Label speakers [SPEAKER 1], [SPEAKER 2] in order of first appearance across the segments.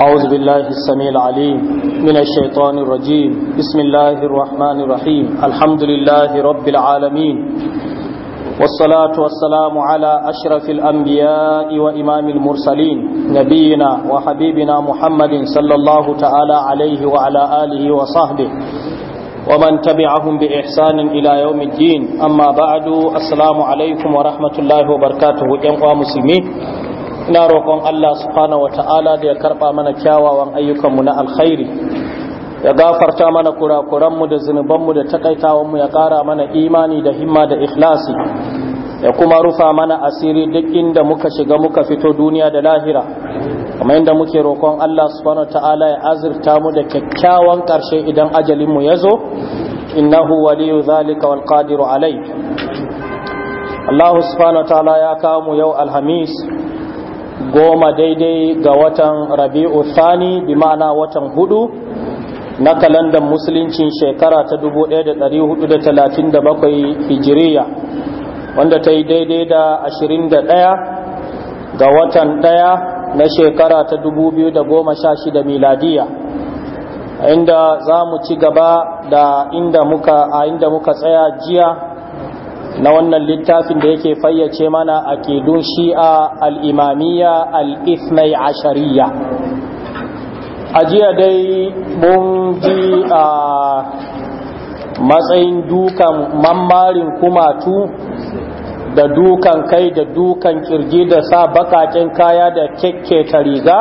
[SPEAKER 1] أعوذ
[SPEAKER 2] بالله السميع العليم من الشيطان الرجيم بسم الله الرحمن الرحيم الحمد لله رب العالمين والصلاة والسلام على أشرف الأنبياء وإمام المرسلين نبينا وحبيبنا محمد صلى الله تعالى عليه وعلى آله وصحبه ومن تبعهم بإحسان إلى amma ba'adu asalamu alaikum wa عليكم wa الله وبركاته uwa musulmi ina roƙon Allah subhanahu wata'ala da ya karɓa mana kyawawan ayyukanmu na alkhairi ya gafarta mana kurakuranmu da zunubanmu da takaitawanmu ya ƙara mana imani da himma da ikhlasi ya kuma rufa mana asiri duk inda muka shiga muka fito duniya da lahira kamar yadda muke roƙon Allah subhanahu ta'ala ya azurta mu da kyakkyawan ƙarshe idan ajalin mu yazo innahu waliyu zalika wal qadiru alai Allah subhanahu ta'ala ya kawo mu yau alhamis goma daidai ga watan rabi'u thani bi ma'ana watan hudu na kalandar musulunci shekara ta 1437 hijiriya wanda ta yi daidai da 21 ga watan ɗaya. na shekara ta da goma sha shida miladiya inda za mu ci gaba da inda muka a inda muka tsaya jiya na wannan littafin da yake fayyace mana a kedun shi'a al'imamiya al'ifnai ashariya a jiya dai mun ji a matsayin dukan mammarin kumatu da dukan kai da dukan kirji da sa bakakin kaya da ta riga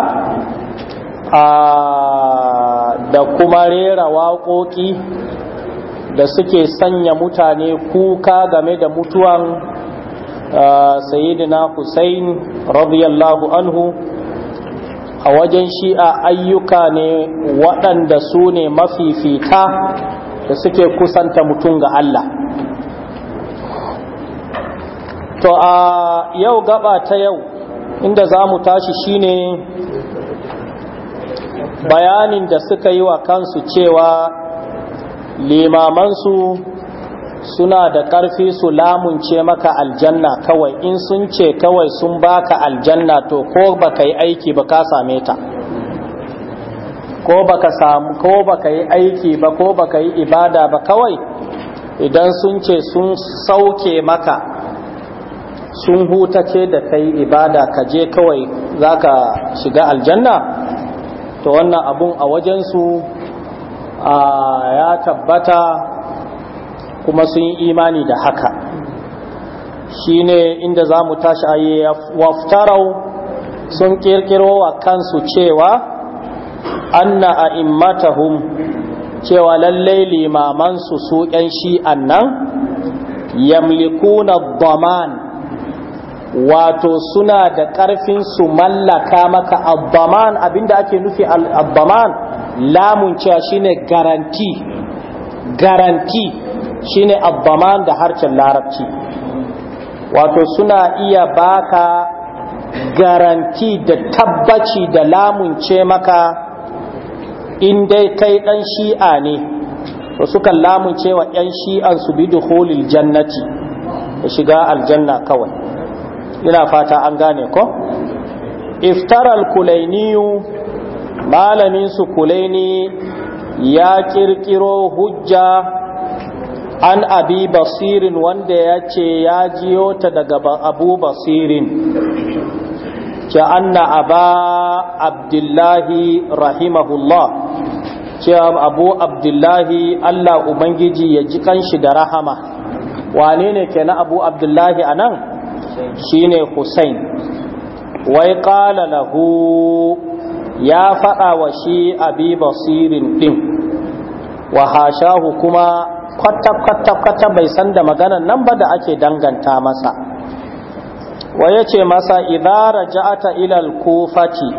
[SPEAKER 2] da kuma rera waƙoƙi da suke sanya mutane kuka game da mutuwan sayidina Hussein radiyallahu anhu a wajen shi'a ayyuka ne waɗanda su ne mafifita da suke kusanta mutum ga Allah to a yau gaba ta yau inda za mu tashi shine bayanin da suka yi wa kansu cewa limamansu suna da ƙarfi su lamunce maka aljanna kawai in sun ce kawai sun baka aljanna to ko baka yi aiki ba ka same ta ko baka samu ko baka yi aiki ba ko baka yi ibada ba kawai idan sun ce sun sauke maka sun hutace da kai ibada ka je kawai za ka shiga aljanna to wannan abun a wajensu ya tabbata kuma sun yi imani da haka Shi ne inda za mu tashi a yi waftarau sun kirkiro wa kansu cewa anna a immatahum cewa lallai limamansu su 'yan shi'an nan yamlikuna daman wato suna da ƙarfin su mallaka maka abbaman abinda ake nufi abbaman lamun cewa shine garanti garanti shine abbaman da harshen larabci wato suna iya baka garanti da tabbaci da lamunce maka in dai kai dan shi'a ne to sukan lamunce wa 'yan shi'an su bi duhulil jannati da shiga aljanna kawai ina fata an gane ko iftaral kulainiyu malamin su kulaini ya kirkiro hujja an abi basirin wanda ya ce ya jiyo ta daga abu basirin ce anna aba abdullahi rahimahullah ce abu abdullahi allah ubangiji ya ji kanshi da rahama wane ne ke na abu abdullahi a nan shine Hussein wai ƙala lahu ya faɗa wa shi abi basirin din wa hashahu kuma kwata kwata kwata bai san da maganan nan ba da ake danganta masa wa yace masa idara raja'ata ila al-kufati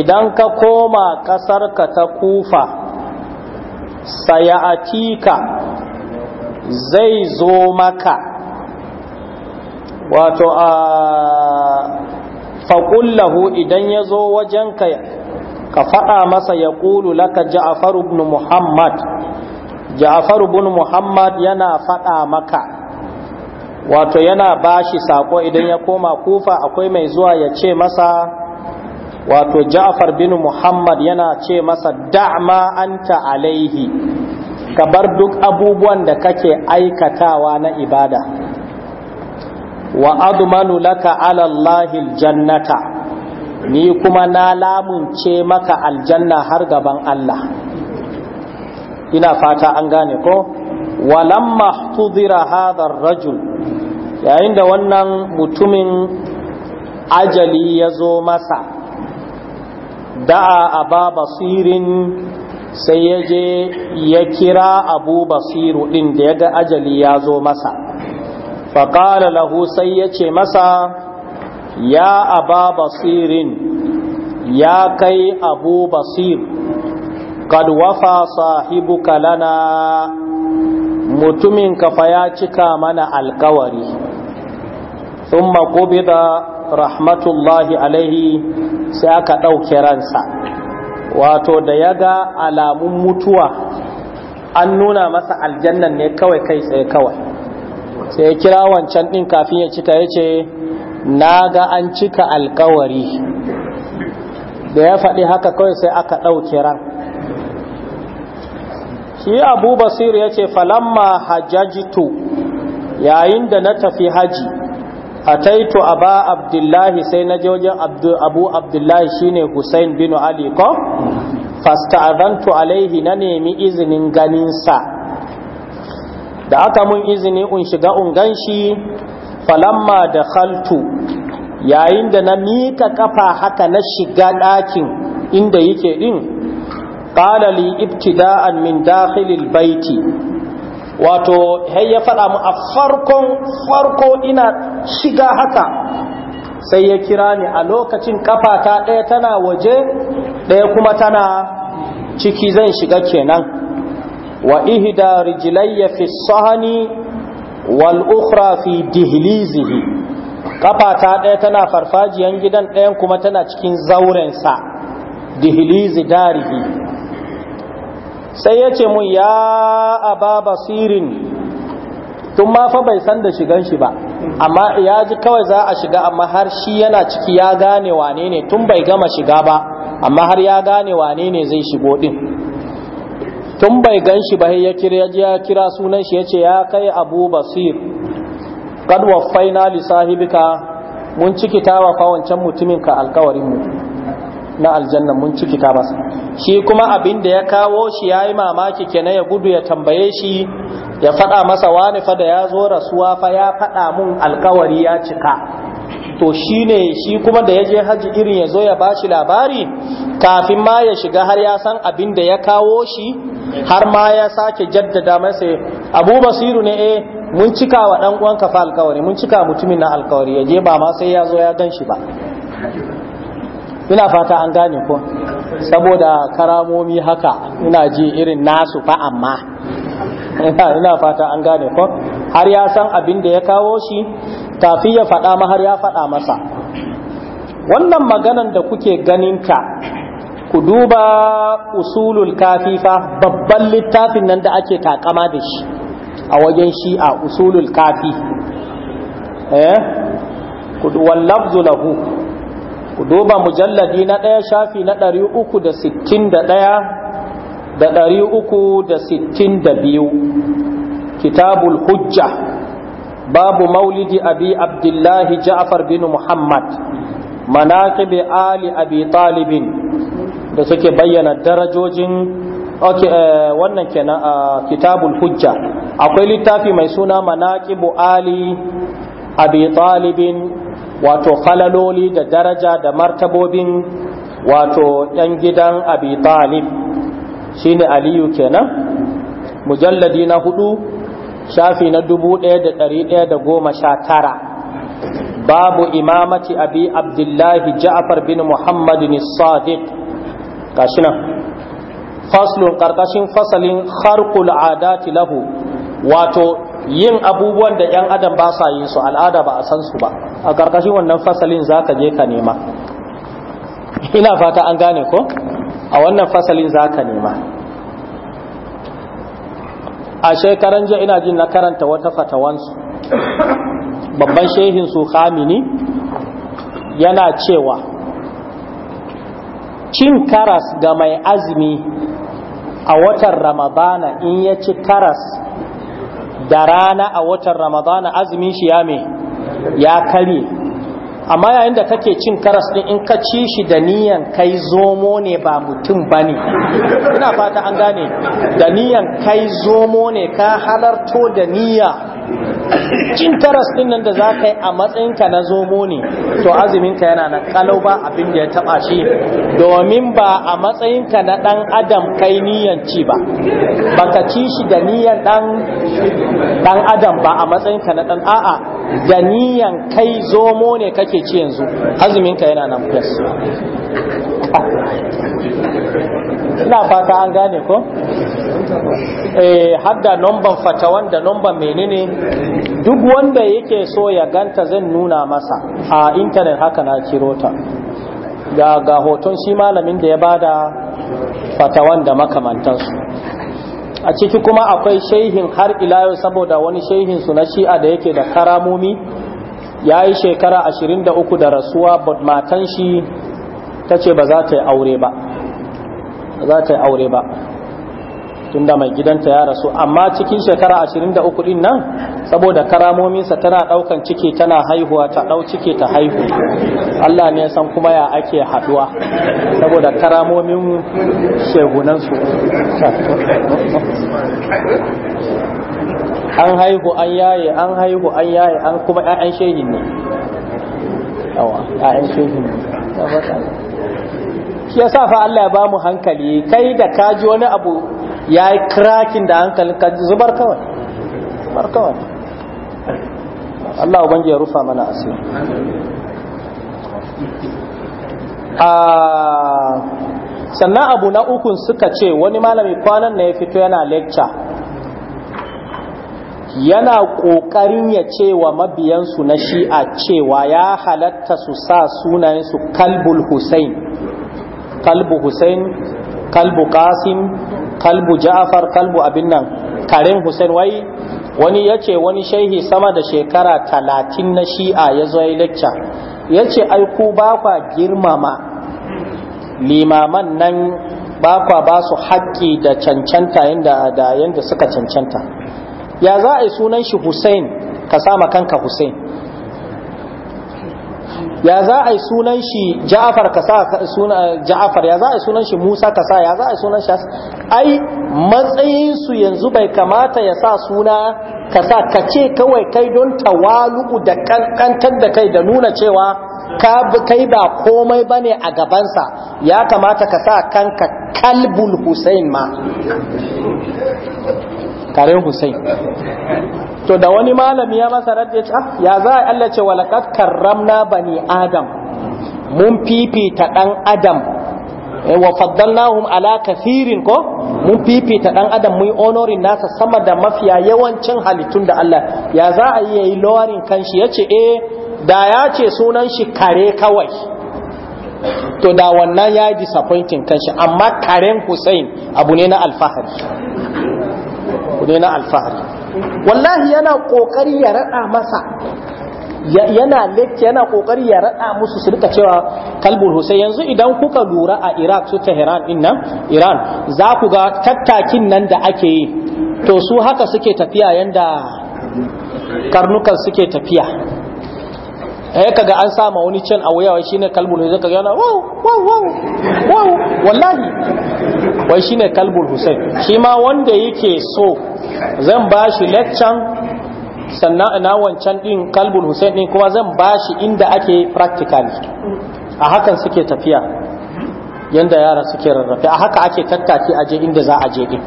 [SPEAKER 2] idan ka koma ƙasarka ta kufa atika zai zo maka wato a faƙullahu idan ya zo wajenka ka faɗa masa ya ƙulu laka ja'afaru bin muhammad ja'afaru bin muhammad yana faɗa maka wato yana bashi saƙo idan ya koma kufa akwai mai zuwa ya ce masa wato ja'afar bin muhammad yana ce masa da'ma anta alaihi ka bar duk abubuwan da kake aikatawa na ibada wa adumanu laka ala Allahi jannata ni kuma na lamunce maka aljanna har gaban Allah ina fata an gane ko walamma tudira hadar rajul yayin da wannan mutumin ajali ya zo masa da'a aba basirin sai ya je ya kira abu basiru ɗin da yaga ajali ya zo masa faƙala lahu sai yace masa ya aba basirin ya kai abu basir kad wafa sahibu kalana mutumin kafa ya cika mana alkawari sun maƙubida rahmatullahi alaihi sai aka ɗauke ransa wato da ya ga alamun mutuwa an nuna masa aljannan ne kawai kai tsaye kawai sai ya kira wancan ɗin kafin ya cika ya ce na ga an cika alkawari da ya faɗi haka kawai sai aka ɗauke ran shi abu basir ya ce falamma hajjajitu yayin da na tafi haji a a ba abdullahi sai na je wajen abu abdullahi shine hussein bin ali ko fasta'adantu alaihi na nemi izinin ganinsa da aka mun izini un shiga un ganshi falamma da khaltu yayin da na mika kafa haka na shiga ɗakin inda yake ɗin ƙala li ibtida'an min dakhilil baiti wato hai ya faɗa mu a farkon farko ina shiga haka sai ya kira ni a lokacin kafa ta ɗaya tana waje ɗaya kuma tana ciki zan shiga kenan wa ihda rijlayya fi sahani wal ukhra fi dihlizihi kafata ɗaya tana farfajiyan gidan ɗayan kuma tana cikin zaurensa dihlizi darihi sai ya ce mun ya aba basirin tun ma fa bai san da shigan shi ba amma ya ji kawai za a shiga amma har shi yana ciki ya gane wane ne tun bai gama shiga ba amma har ya gane wane ne zai shigo din tun bai gan shi ba ya kira ya kira sunan shi ya ce ya kai abu basir kad waffaina li sahibika mun cikita wa kawancan mutumin ka alkawarin na aljanna mun cikita masa shi kuma abin da ya kawo shi yayi mamaki kenan ya gudu ya tambaye shi ya faɗa masa wani fa da ya zo rasuwa fa ya faɗa mun alkawari ya cika to shi ne shi kuma da ya je haji irin ya zo ya ba shi labari kafin ma ya shiga har ya san abin da ya kawo shi har ma ya sake jaddada masa abu basiru ne eh mun cika wa dan uwanka fa alkawari mun cika mutumin na alkawari ya je ba ma sai ya zo ya gan shi ba ina fata an gane ko saboda karamomi haka ina ji irin nasu fa amma ina fata an gane ko har ya san abin da ya kawo shi kafi ya faɗa mahar ya faɗa masa wannan maganan da kuke ganinta ku duba usulul kafi fa babban littafin nan da ake takama da shi a wajen shi'a usulul kafi eh wallabzu lahu ku duba mujalladi na ɗaya shafi na ɗari uku da sittin da ɗaya da da sittin da biyu kitabul hujja babu maulidi abi abdullahi ja'far bin muhammad manaqib ali abi talibin da suke bayyana darajojin eh, wannan kenan a kitabul hujja akwai littafi mai suna manaqibu ali abi talibin wato falaloli da daraja da martabobin wato yan gidan abi talib shine aliyu kenan mujalladi na hudu shafi na dubu ɗaya da ɗari ɗaya da goma sha tara babu imamati abi abdullahi ja'far bin muhammadin sadiq faslun karkashin fasalin harkul adati lahu wato yin abubuwan da 'yan adam ba sa yin su al'ada ba a san su ba a karkashin wannan fasalin za ka je ka nema ina fata an gane ko a wannan fasalin za ka nema a shekaran jiya ina jin na karanta wata fatawansu babban shehin su khamini yana cewa cin karas ga mai azumi a watan ramadana in ya ci karas da rana a watan ramadana azumin shi ya me ya karye amma yayin da kake cin karas din in ka ci shi da niyan kai zomo ne ba mutum bane ina fata an gane da niyan kai zomo ne ka halarto da niyya taras din nan da za ka yi a matsayinka na zomo ne to aziminka yana na kalau ba abin da ya taba shi domin ba a matsayinka na dan adam kai niyan ci ba baka ci shi da niyan dan dan adam ba a matsayinka na dan a'a da niyan kai zomo ne kake ci yanzu azuminka yana nan plus ina fata an gane ko eh hadda nomban fatawan da nomban menene duk wanda yake so ya ganta zan nuna masa a intanet haka na kiro ta ga hoton shi malamin da ya bada fatawan da makamantansu a ciki kuma akwai shehin har ila saboda wani shehin su na shi'a da yake da karamomi ya yi shekara 23 da rasuwa but matan shi ta ce ba za ta yi aure ba za ta yi aure ba tunda mai gidanta ya rasu amma cikin shekara 23 din nan saboda karamominsa tana daukan ciki tana haihuwa ta dau ciki ta haihu Allah ne ya san kuma ya ake haduwa saboda karamomin shegunan su. an haihu an yaye an haihu an yaye an kuma 'ya'yan shehin ne yawa ɗan shehin ne shi yasa fa Allah ya bamu hankali kai da kaji wani abu ya yi krakin da hankali ka zubar kawai zubar kawai Allah ubangiji ya rufa mana asiri ah, sannan abu na ukun suka ce wani malami kwanan na ya fito yana lecture yana ƙoƙarin ya ce wa mabiyansu na shi'a cewa ya halatta su sa sunayensu kalbul hussein kalbu Hussein kalbu Qasim kalbu Ja'far kalbu abin nan karen Hussein wai wani ya ce wani shaihi sama da shekara talatin na shi'a ya zo ya lecca ya ce ai ku ba kwa girmama limaman nan ba kwa ba su haƙƙi da cancanta yadda suka cancanta ya za a yi sunan shi Hussein ka sama kanka Hussein ya za a yi sunan shi ja'afar ka sa suna ja'afar ya za a yi sunan shi musa ka sa ya za a yi sunan shi ai matsayin su yanzu bai kamata ya sa suna ka sa ka ce kawai kai don tawalu da kankantar da kai da nuna cewa ka kai ba komai bane a gabansa ya kamata ka sa kanka kalbul husain ma karen husain to da wani malami ya masa radda ah, ya za a Allah ce walakat karramna bani adam mun fifita ɗan adam eh, wa faddalnahum ala kasirin ko mun fifita ɗan adam mun honorin nasa sama da mafiya yawancin halittun da Allah ya za a yi yayi lowarin kanshi yace eh da ya ce sunan shi kare kawai to da wannan ya yi disappointing kanshi amma karen Hussein abu ne na alfahari abu ne na alfahari wallahi yana kokari ya rada masa yana lekki yana kokari ya rada musu su rika cewa kalbul husayn yanzu idan kuka lura a iraq su tehran din nan iran za ku ga tattakin nan da ake yi to su haka suke tafiya yanda karnukan suke tafiya eh kaga an sama wani can a wayawa shine kalbul husain kaga yana wow wow wow wow wallahi wai shine kalbul husain shi ma wanda yake so zan bashi lecture sannan ina wancan din kalbul husain din kuma zan ba shi inda ake practically a hakan suke tafiya yanda yara suke rarrafe a haka ake tattaki aje inda za a je din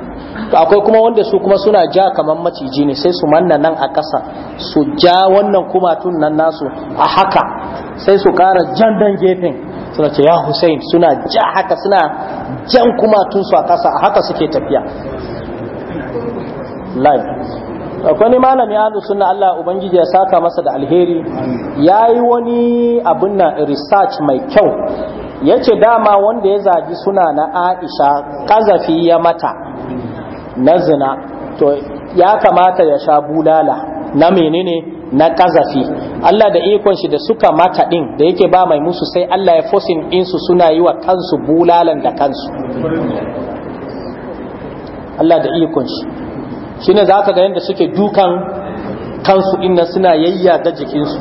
[SPEAKER 2] to akwai kuma wanda su kuma suna ja kamar maciji ne sai su manna nan a ƙasa su ja wannan kumatun nan nasu a haka sai su ƙara jan dan gefen suna ce ya Hussein suna ja haka suna jan kumatun su a ƙasa a haka suke tafiya live akwai malami ahlu sunna Allah ubangiji ya saka masa da alheri yayi wani abun na research mai kyau ya ce dama wanda ya zagi suna na aisha kazafi ya mata na zina to ya kamata ya sha bulala na menene na kazafi Allah da ikon shi da suka mata din da yake ba mai musu sai Allah ya fosin insu suna yi wa kansu bulalan da kansu Allah da ikon shi shine za ka ga yadda suke dukan kansu inna suna yayya da jikinsu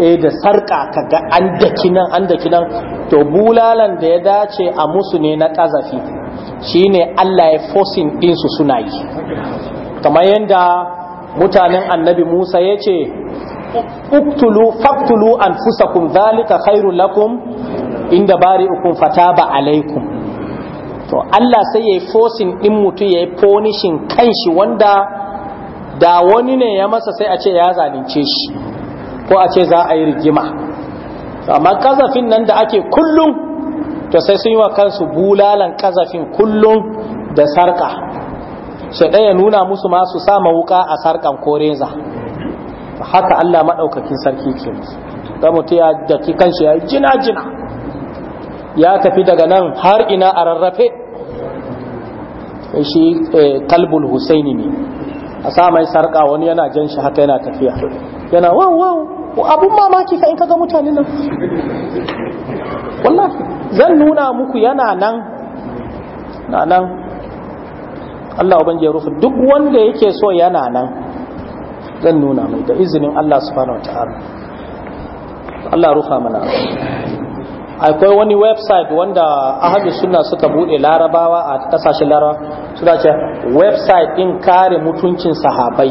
[SPEAKER 2] eh da sarka kaga an daki nan an daki nan to bulalan da ya dace a musu ne na kazafi shine Allah ya forcing din su suna yi kamar yanda mutanen annabi Musa ya ce uktulu faktulu anfusakum zalika khairul lakum inda bari bari'ukum fataba alaikum to Allah sai ya forcing din mutu ya punishing kanshi wanda da wani ne ya masa sai a ce ya zalunce shi ko a ce za a yi rigima amma kazafin nan da ake kullum to sai sun yi wa kansu bulalan kazafin kullum da sarka shi ɗaya nuna musu masu sama wuka a sarkan ko reza haka Allah maɗaukakin sarki ke da mutu ya daki kanshi ya jina jina ya tafi daga nan har ina a rarrafe shi eh, kalbul husaini ne a sa mai sarka wani yana jan shi haka yana tafiya yana wow wow abun mamaki ka in ka ga mutane nan wallah zan nuna muku yana nan na nan Allah ubangiji ya rufe duk wanda yake so yana nan zan nuna mai da izinin Allah subhanahu wataala Allah rufa mana akwai wani website wanda ahadu suna suka bude larabawa a kasashen larabawa suna ce website din kare mutuncin sahabai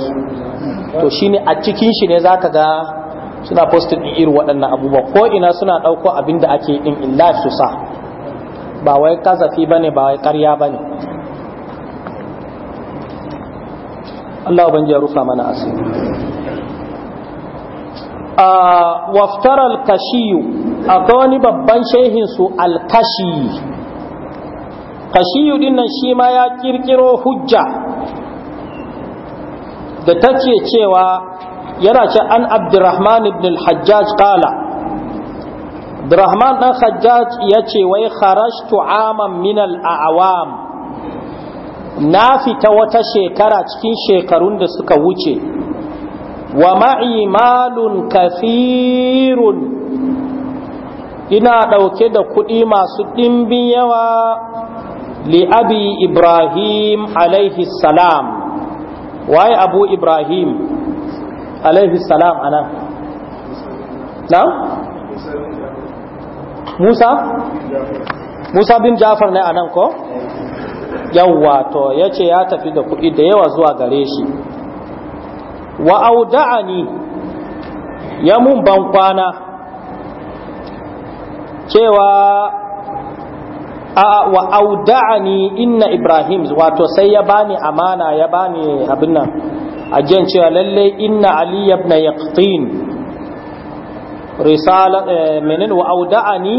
[SPEAKER 2] to shine a cikin shi ne zaka ga suna posted din irin waɗannan abubuwa ko ina suna ɗauko abin da ake din illa su sa ba wai kazafi bane ba wai ƙarya bane Allah ubangiji ya rufa mana asiri waftar alkashiyu akwai wani babban shehinsu alkashi kashiyu dinnan shi ma ya kirkiro hujja da take cewa yana ce an abdurrahman ibn al-hajjaj kala abdurrahman dan hajjaj ya ce wai kharashtu aman min a awam na fita wata shekara cikin shekarun da suka wuce wa ma'i malun ina ɗauke da kuɗi masu ɗimbin yawa li abi ibrahim alaihi salam waye abu ibrahim alaihi salam anan na? musa? musa bin jafar ne anan ko? yawwa to ya ce ya tafi da kuɗi da yawa zuwa gare shi wa auda'ani ya mun ban kwana cewa wa auda'ani inna ibrahim wato sai ya bani amana ya bani abin nan ajiyan cewa lalle inna ali ibn yaqtin risala eh, menin wa auda'ani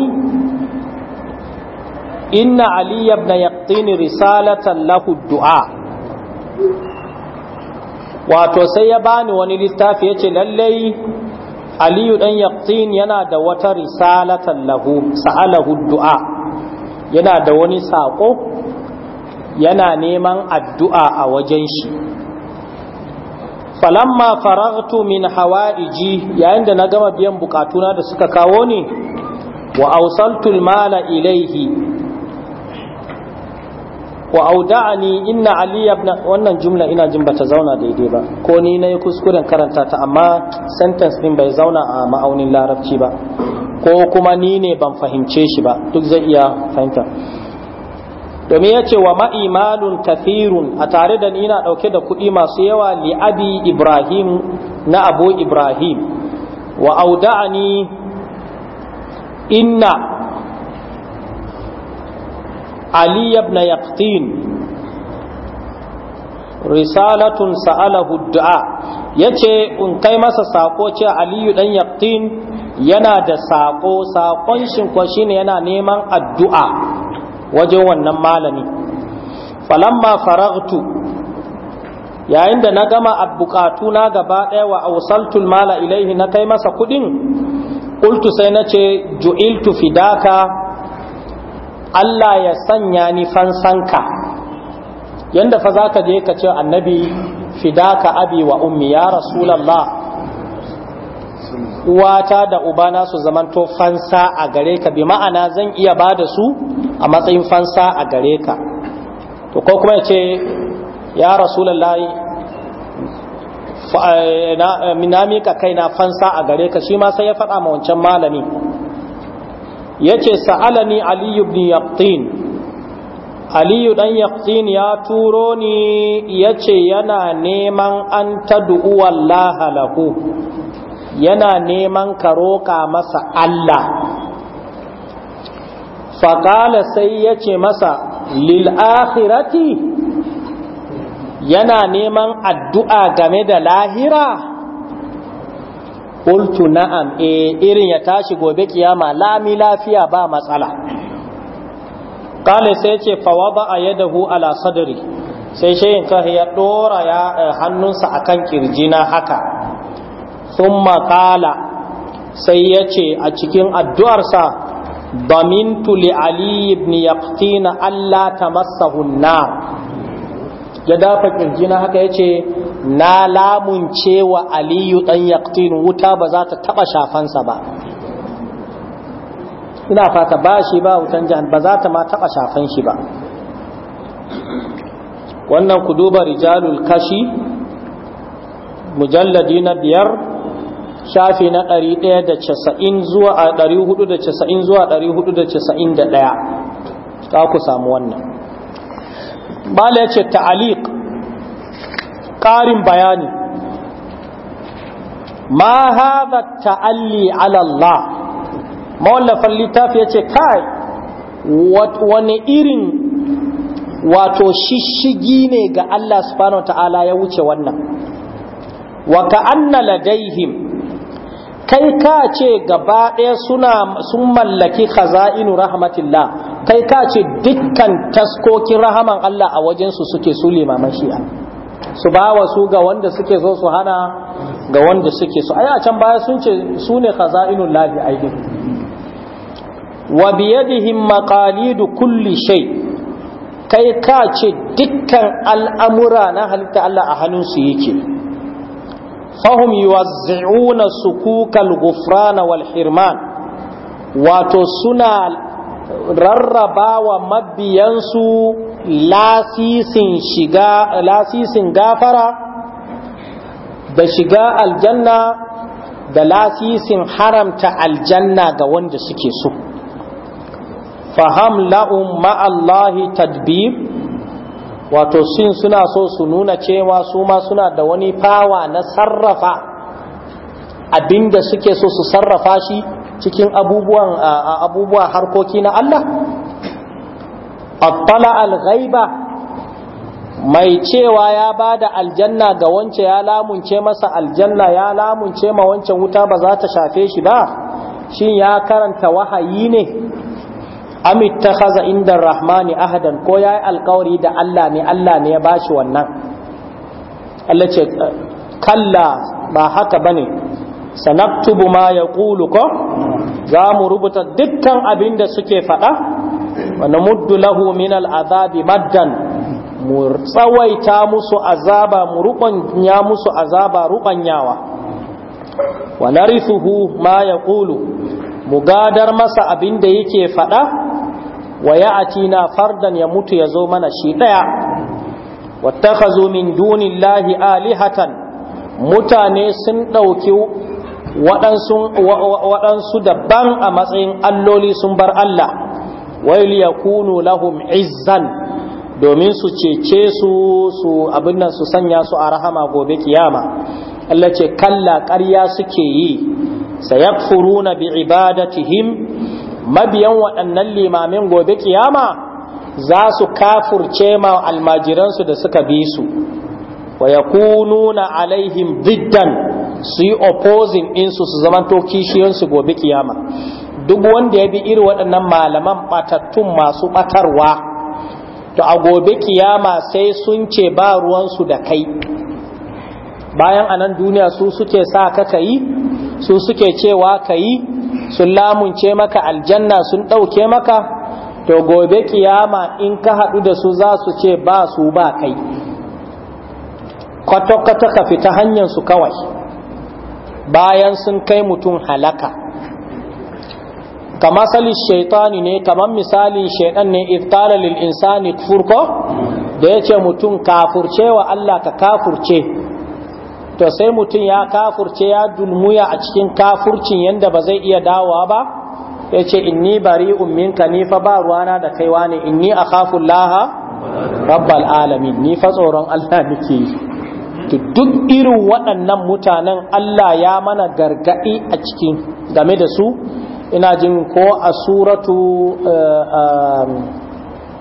[SPEAKER 2] inna ali ibn yaqtin risalatan lahu du'a wato sai ya bani wani littafi yace lallai aliyu dan yaqtin yana da wata risalatan lahu sa'alahu du'a yana da wani sako yana neman addu'a a wajen shi falamma faragtu min hawaiji yayin da na gama biyan bukatuna da suka kawo ni wa al mala ilaihi wa auda'ani inna ali ibn wannan jumla ina jin bata zauna daidai ba ko ni nayi kuskuren karanta ta amma sentence din bai zauna a ma'aunin larabci ba ko kuma ni ne ban fahimce shi ba duk zai iya fahimta domin ya ce wa ma'imalun tafirun a tare da ni na ɗauke da kuɗi masu yawa li abi ibrahim na abu ibrahim wa auda'ani inna علي بن يقطين risalatun sa'alahu الدعاء yace in kai masa sako ce aliyu dan yaqtin yana da sako sakon shin ko shine yana neman addu'a wajen wannan malami falamma faragtu yayin da na gama abukatu na gaba daya wa al mala ilaihi na kai masa kudin qultu sai nace ju'iltu fidaka Allah ya sanya ni fansanka yanda fa ka je ka ce annabi fidaka abi wa ummi ya rasulullah uwata da ubana su zamanto fansa a gare ka bi ma'ana zan iya ba da su a matsayin fansa a gare ka to ko kuma ya ce ya rasulullah eh, na eh, mika kaina fansa a gare ka shi ma sai ya faɗa ma wancan malami yace sa'alani Aliyu ibn yaqtin aliyu dan yaqtin ya turo ni yace yana neman an tad'u wallaha lahu yana neman ka roƙa masa Allah faƙala sai yace masa lil akhirati yana neman addu'a game da lahira qultu na'am eh irin ya tashi gobe kiyama lami lafiya ba matsala kale sai ce fawada yadahu ala sadri sai shehin kahi ya Ɗora ya eh, hannunsa a akan kirjina haka thumma qala sai ya ce a cikin addu'arsa damintu li ali ibn yaqtina alla tamassahu an na? ya dafa kirjina haka yace na lamun cewa aliyu dan yaqtin wuta ba za ta taba shafansa ba ina fata ba shi ba wutan jahan ba za ta ma taba shafan shi ba wannan ku duba rijalul kashi mujalladi na biyar shafi na 190 zuwa 490 zuwa 491 ka ku samu wannan bala yace ce ta'aliq ƙarin bayani ma haɗa ta'alli alallah mawallafan littafi ya ce kai wani irin wato shishigi ne ga Allah subhanahu wa ta'ala ya wuce wannan wa ka'anna ladaihim kai ka ce gaba ɗaya suna sun mallaki khaza'inu rahmatillah kai ka ce dukkan taskokin rahaman Allah a wajensu suke su limaman shi'a su ba wa su ga wanda suke zo su hana ga wanda suke so ai a can baya sun ce su ne khaza'inul lahi aidin wa biyadihim maqalidu kulli shay kai ka ce dukkan al'amura na halitta Allah a hannunsu yake fahum yuwazzi'una sukukal ghufrana wal hirman wato suna rarrabawa mabiyansu lasisin shiga lasisin gafara da shiga aljanna da lasisin haramta aljanna ga wanda suke so faham la'um ma'allahi tadbib wato sin suna so su nuna cewa su ma suna da wani fawa na sarrafa abinda suke so su sarrafa shi cikin abubuwan abubuwa harkoki na Allah attala al-ghaiba mai cewa ya bada aljanna ga wance ya lamunce masa aljanna ya lamunce ma wancan wuta ba za ta shafe shi ba shin ya karanta wahayi ne amit takhaza inda rahmani ahadan ko yayi alkawari da Allah ne Allah ne ya bashi wannan Allah ce kalla ba haka bane sanaktubu ma yaqulu ko za mu rubuta dukkan abin da suke faɗa wa muddu lahu min al'azabi maddan mu tsawaita musu azaba mu ruɓanya musu azaba rubanyawa wa narithuhu ma ƙulu mu gadar masa abin da yake faɗa wa atina fardan ya mutu ya zo mana shi daya wattakhazu min dunillahi alihatan mutane sun ɗauki waɗansu dabban a matsayin alloli sun bar Allah ya kunu lahum izzan domin su cece su su abin nan su sanya su a rahama gobe kiyama Allah ce kalla ƙarya suke yi sayakfuruna bi ibadatihim mabiyan waɗannan limamin gobe kiyama za su kafurce ma almajiransu da suka bi su wa yakununa alaihim diddan su yi opposing insu su zamanto kishiyansu gobe kiyama duk wanda ya bi iri waɗannan malaman ɓatattun masu ɓatarwa, to a gobe kiyama sai sun ce ba ruwansu da kai bayan anan duniya su suke sa ka yi, su suke cewa kayi sun lamunce maka aljanna sun ɗauke maka to gobe kiyama in ka haɗu da su za su ce ba su ba kai kwata ka fita hanyar su kawai bayan sun kai mutum halaka kama salin shaitani ne kamar misalin shaitan ne iftala lil insani kufurko da ya ce mutum kafurce wa Allah ka kafurce to sai mutum ya kafurce ya dulmuya a cikin kafurcin yanda ba zai iya dawowa ba yace ce inni bari minka ni fa ba ruwana da kaiwa ne inni a kafin laha rabbal alamin ni fa tsoron Allah nake yi to duk irin waɗannan mutanen Allah ya mana gargaɗi a cikin game da su ina jin ko a suratu eh, um,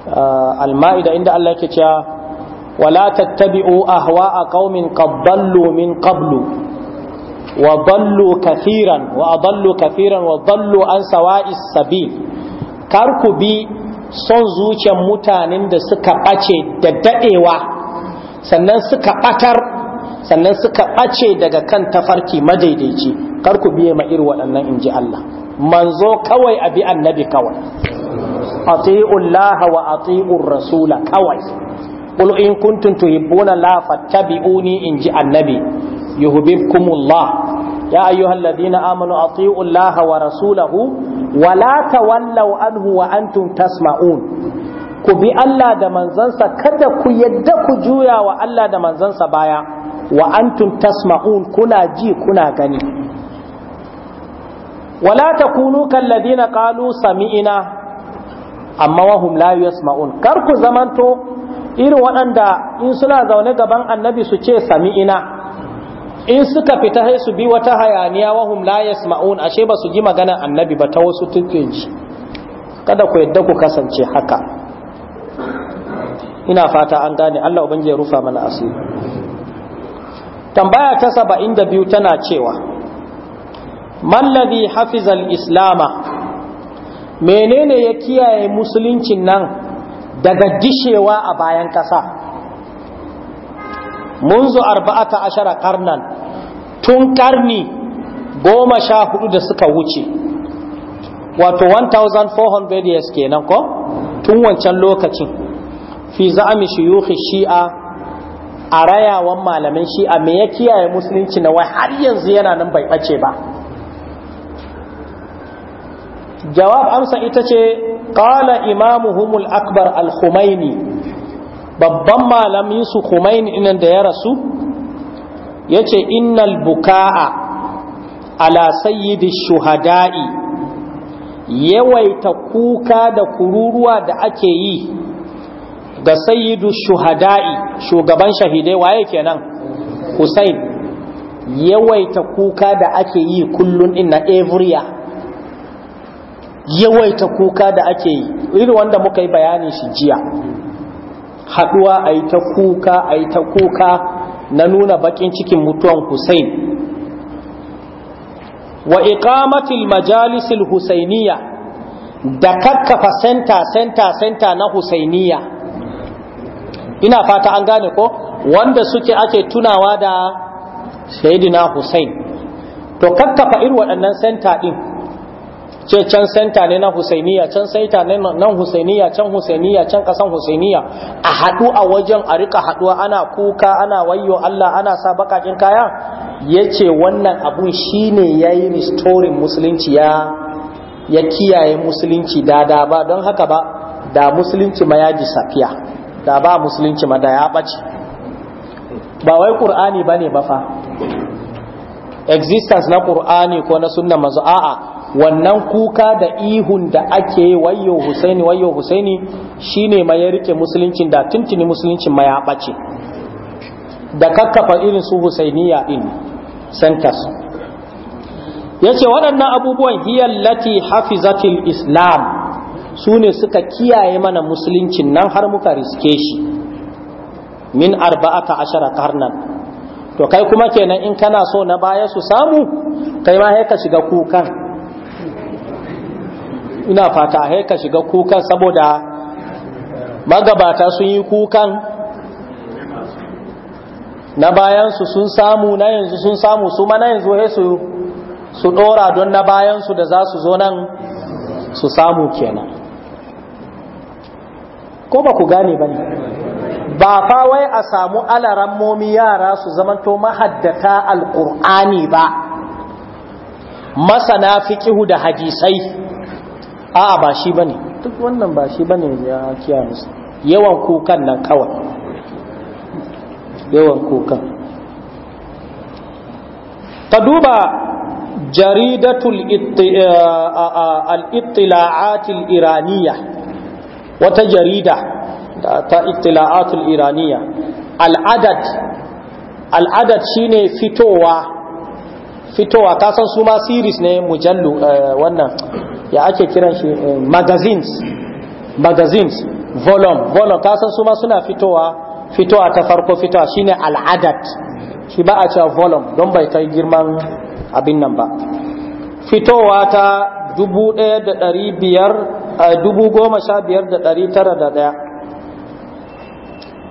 [SPEAKER 2] eh, al-ma'ida inda Allah yake cewa wala tattabi'u ahwa'a qaumin qaddallu min qablu wa dallu kathiran wa adallu kathiran wa dallu an sawa'is sabil kar ku bi son zuciyar mutanen da suka bace da dadewa sannan suka batar sannan suka bace daga kan tafarki madaidaici kar ku biye ma irin waɗannan inji Allah manzo kawai abi annabi kawai ati'u laha wa ati'u rasula kawai qul in kuntum tuhibbuna la fattabi'uni in ji annabi yuhibbukumullah ya ayyuhalladhina amanu ati'u laha wa rasulahu wa la tawallaw anhu wa antum tasma'un ku bi Allah da manzansa kada ku yadda ku juya wa Allah da manzansa baya wa antum tasma'un kuna ji kuna gani wala kunu takunu kalu sami sami'ina amma wahum la yasma'un kar ku zamanto irin waɗanda in suna zaune gaban annabi su ce sami'ina in suka fita sai su bi wata hayaniya wahum la yasma'un ashe ba su ji maganar annabi ba ta wasu tukin kada ku yadda ku kasance haka ina fata an gane Allah ubangiji ya rufa mana asiri tambaya ta 72 tana cewa Mallabi hafizal islama menene ya kiyaye musuluncin nan daga gishewa a bayan ƙasa munzu أربعة عشر karnan tun karni goma sha hudu da suka wuce wato 1400 years kenan ko tun wancan lokacin fi za'ami shuyukhi shi'a a rayawan malamin shi'a me ya kiyaye musulunci na wai har yanzu yana nan bai ɓace ba jawab amsa ita ce qala imamuhumul akbar al-khumaini babban malamin su khumaini inan da ya rasu yace innal buka'a ala sayyidi shuhada'i yawaita kuka da kururuwa da ake yi ga sayyidu shuhada'i shugaban shahidai waye kenan Hussein yawaita kuka da ake yi kullun inna every year yawaita kuka da ake yi iri wanda muka yi bayanin shi jiya haduwa a yi ta kuka a yi ta kuka na nuna bakin cikin mutuwan Hussein wa iqamatil majalisil husainiya da kakkafa senta senta senta na husainiya ina fata an gane ko wanda suke ake tunawa da sayyidina Hussein to kakkafa iri waɗannan senta ɗin. ce can senta ne na husainiya can saita ne nan husainiya can husainiya can kasan husainiya a haɗu a wajen a rika haɗuwa ana kuka ana wayo Allah ana sa bakakin kaya yace wannan abun shine yayi restoring musulunci ya ya kiyaye musulunci da da ba don haka ba da musulunci ma ya ji safiya da ba musulunci ma da ya ɓace ba wai qur'ani bane ba fa existence na qur'ani ko na sunna manzo a'a wannan kuka da ihun da ake wayo husaini wayo husaini shine ma ya rike musuluncin da tuntuni musuluncin ma ya ɓace da kakkafa irin su husainiya din centers yace waɗannan abubuwan lati hafizatil islam sune suka kiyaye mana musuluncin nan har muka riske shi min 14 karnan to kai kuma kenan in kana so na baya su samu kai ma ka shiga kukan ina fata a ka shiga kukan saboda magabata sun yi kukan na bayansu sun samu na yanzu sun samu su mana yanzu su su dora don na bayansu da za su zo nan su samu kenan ko ba ku gane ba ne ba fa wai a samu alaran momi yara su zamanto mahaddata alkur'ani ba masana fiqihu da hadisai a'a ba shi bane duk wannan ba shi bane ya kiya musu yawan kukan nan kawai yawan kukan Ta duba jaridatul eh, al iraniya wata jarida ta ittila'atul iraniya al’adad al’adad shi ne fitowa fitowa fitowa san su ma Siris ne mujallu eh, wannan ya ake kiran shi eh, magazines magazines volume volume kasan su ma suna fitowa fitowa ta farko fitowa shine al'adat shi ba a cewa volume don bai kai girman abin nan ba fitowa ta dubu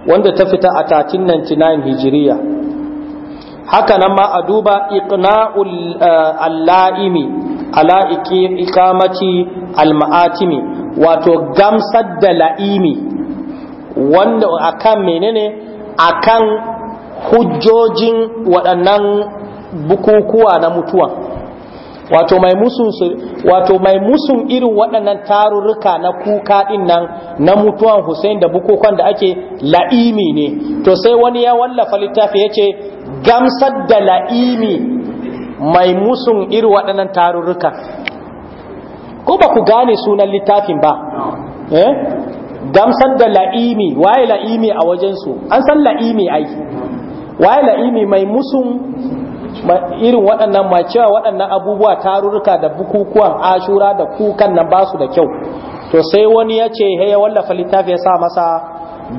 [SPEAKER 2] wanda ta fita a 1399 hijiriya haka nan ma a duba iqna'ul eh, alla'imi ala ikamati alma'atimi wato gamsar da la'imi wanda akan menene akan hujjojin waɗannan bukukuwa na mutuwa wato mai musun wato mai musun irin waɗannan tarurruka na kuka din nan na mutuwan Hussein da bukukuwan da ake la'imi ne to sai wani ya wallafa littafi yace gamsar da la'imi mai musun iri waɗannan tarurruka ko ba ku gane sunan littafin ba eh? gamsar da la'imi waye la'imi a wajensu an san la'imi ai waye la'imi mai musun irin waɗannan macewa cewa waɗannan abubuwa tarurruka da bukukuwan ashura da kukan nan ba su da kyau to sai wani ya ce ya wallafa littafi ya sa masa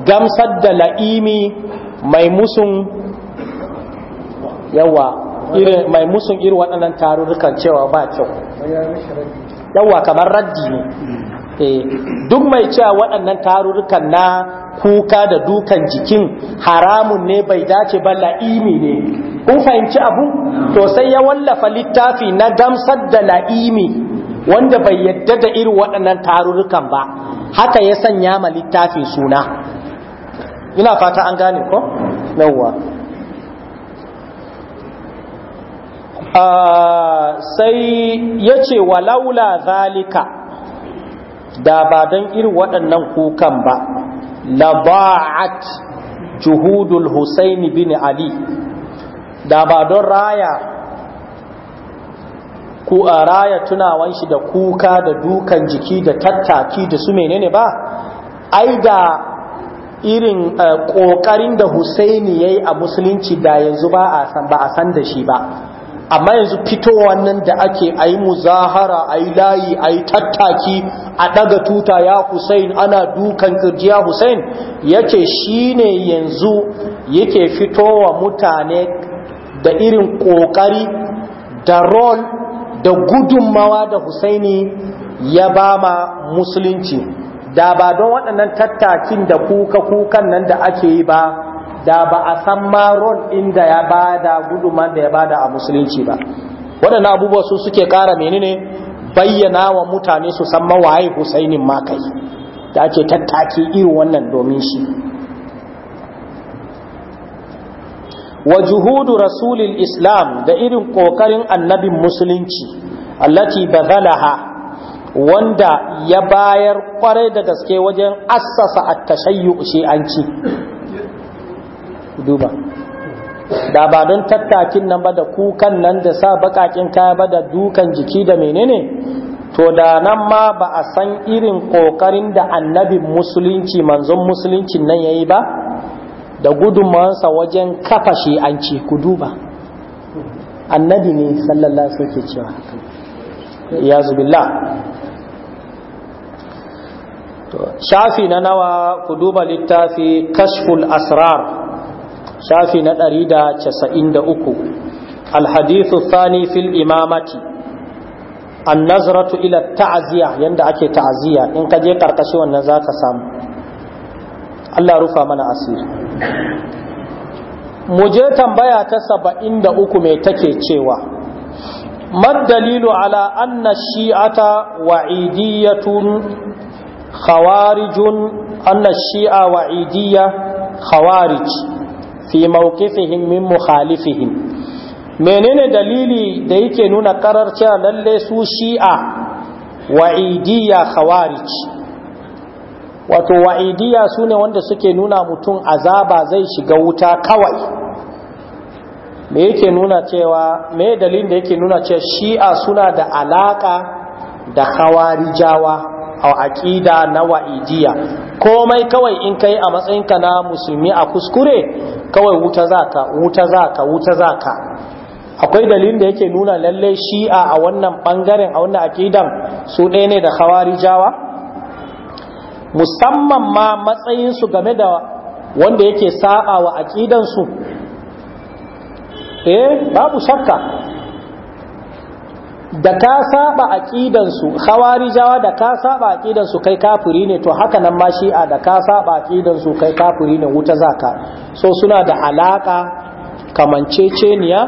[SPEAKER 2] gamsar da la'imi mai musun yawa irin mai musun irin waɗannan tarurrukan cewa ba kyau yawa kamar raddi ne eh, duk mai cewa waɗannan tarurrukan na kuka da dukan jikin haramun ne bai dace ba la'imi ne kun fahimci abu to sai ya wallafa littafi na gamsar da la'imi wanda bai yadda da irin waɗannan tarurrukan ba haka ya sanya ma littafin suna ina fata an gane ko yawwa Ah, sai ya ce walaula zalika da ba don irin waɗannan kukan ba la ba'at juhudul husaini bin ali da ba don raya ku a raya tunawan shi da kuka da dukan jiki da tattaki da su menene ba ai da irin eh, ƙoƙarin da Husaini ya yi a musulunci da yanzu ba a san da shi ba amma yanzu fitowa nan da ake a yi muzahara a yi layi a yi tattaki a ɗaga tuta ya Hussein ana dukan kirji ya Hussein ya ce shi ne yanzu yake fitowa mutane da irin ƙoƙari da rol da gudunmawa da Husaini ya ba ma musulunci da ba don waɗannan tattakin da kuka-kukan nan da ake yi ba da ba a san ma rol inda ya bada guduman da ya bada a musulunci ba waɗannan abubuwa su suke ƙara menene bayyana wa mutane su san mawaye husainin makai da ake tattaki irin wannan domin shi wa juhudu rasulil islam da irin ƙoƙarin annabin musulunci allati bazalaha wanda ya bayar kwarai da gaske wajen assasa attashayyu shi'anci duba da ba don tattakin nan ba da kukan nan da sa bakakin kaya ba da dukan jiki da menene to da nan ma ba a san irin kokarin da annabin musulunci manzon musulunci nan yayi ba da gudunmansa wajen kafa shi an ci ku duba annabi ne sallallahu alaihi cewa ya zubillah shafi na nawa ku duba littafi kashful asrar shafi na 193 alhadithu thani fil imamati an ila ta'ziya yanda ake ta'ziya in ka je karkashi wannan zaka samu Allah rufa mana asiri mu je tambaya ta 73 me take cewa mad dalilu ala anna shi'ata wa'idiyatun khawarijun anna shi'a wa'idiyya khawarij fi mawqifihim min mukhalifihim menene dalili da yake nuna karar cewa lalle su shi'a wa'idiyya khawarij wato wa'idiyya sune wanda suke nuna mutum azaba zai shiga wuta kawai me yake nuna cewa me dalilin da yake nuna cewa shi'a suna da alaka da khawarijawa a aƙida na wa'idiya komai kawai in kai a matsayinka na musulmi a kuskure kawai wuta zaka wuta zaka wuta zaka akwai dalilin da yake nuna lalle shi'a a wannan bangaren a wannan aqidan su ɗaya ne da khawarijawa musamman ma matsayin su game da wanda yake saba wa su eh babu shakka da ka saba aqidansu khawarijawa da ka saba aqidansu kai kafiri ne to haka nan ma shi'a da ka saba aqidansu kai kafiri ne wuta zaka so suna da alaka kamanceceniya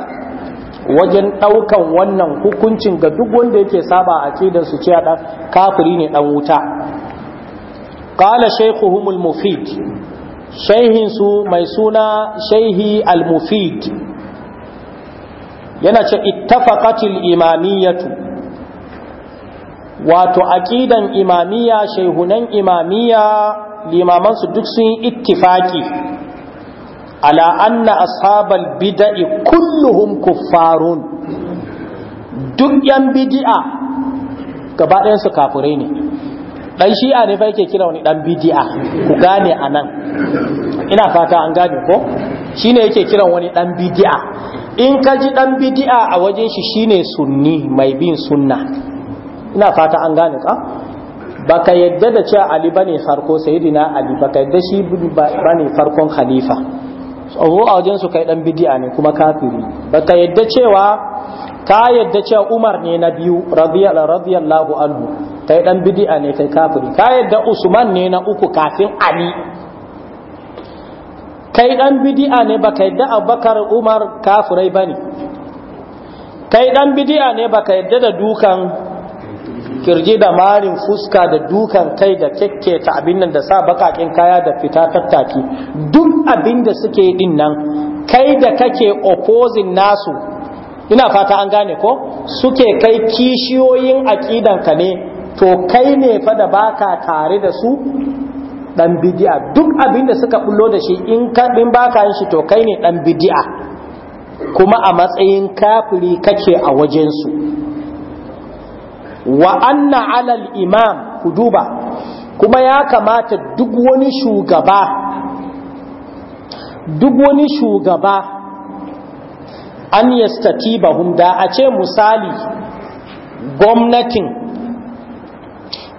[SPEAKER 2] wajen daukan wannan hukuncin ga duk wanda yake saba aqidansu cewa da kafiri ne dan wuta qala shaykhuhumul mufid shayhin su mai suna shayhi al-mufid yana ce ittafaqatil imamiyatu wato aqidan imamiya shehunan imamiya limaman su duk sun yi ittifaki ala anna ashabal bid'i kulluhum kuffarun duk yan bid'a gaba ɗayan su kafirai ne dan shi'a ne fa yake kira wani dan bid'a ku gane anan ina fata an gane ko shine yake kiran wani dan bid'a in ka ji dan bid'a a wajen shi shine sunni mai bin sunna ina fata an gane ka baka yadda da cewa ali bane farko sayyidina ali baka yadda shi bane farkon khalifa tsawo a wajen su kai dan bid'a ne kuma kafiri baka yadda cewa ka yadda cewa umar ne na biyu radiyallahu anhu kai dan bid'a ne kai kafiri ka yadda usman ne na uku kafin ali kai dan bid'a ne baka yadda abubakar umar kafirai bane kai dan bidi'a ne baka yadda da dukan kirji da marin fuska da dukan kai da ta abin nan da sa bakakin kaya da fita tattaki duk abin da suke din nan kai da kake opposing nasu ina fata an gane ko suke kai kishiyoyin ka ne to kai ne fa da baka tare da su dan bidi'a duk abin da suka bullo da shi in kadin baka yin shi to kai ne dan bidi'a kuma a matsayin kafiri kake a wajen su wa anna alal imam duba kuma ya kamata duk wani shugaba duk wani shugaba an yastati bahum da a ce misali gwamnatin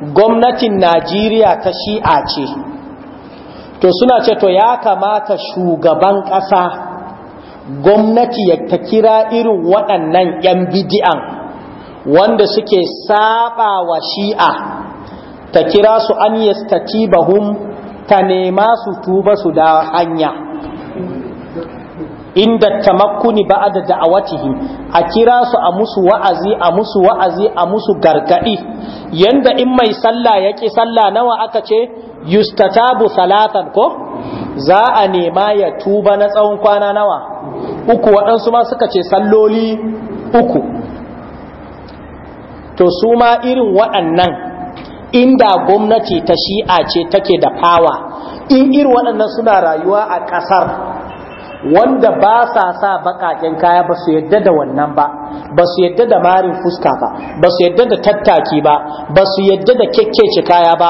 [SPEAKER 2] gwamnatin najeriya ta shi'a ce to suna ce to ya kamata shugaban ƙasa gwamnati ya ta kira irin waɗannan 'yan bidi'an wanda suke saba wa shi'a ta kira su an yasta ta nema su tuba su da hanya inda tamakkuni ba'da da'awatihim a kira su a musu wa'azi a musu wa'azi a musu gargadi yanda in mai sallah yake sallah nawa aka ce yustatabu salatan ko za a nema ya tuba na tsawon kwana nawa uku waɗansu ma suka ce salloli uku to su ma irin waɗannan inda gwamnati ta shi'a ce take da fawa in irin waɗannan suna rayuwa a ƙasar wanda ba sa sa baƙaƙen kaya ba su yadda da wannan ba ba su yadda da marin fuska ba ba su yadda da tattaki ba ba su yadda da kekkece kaya ba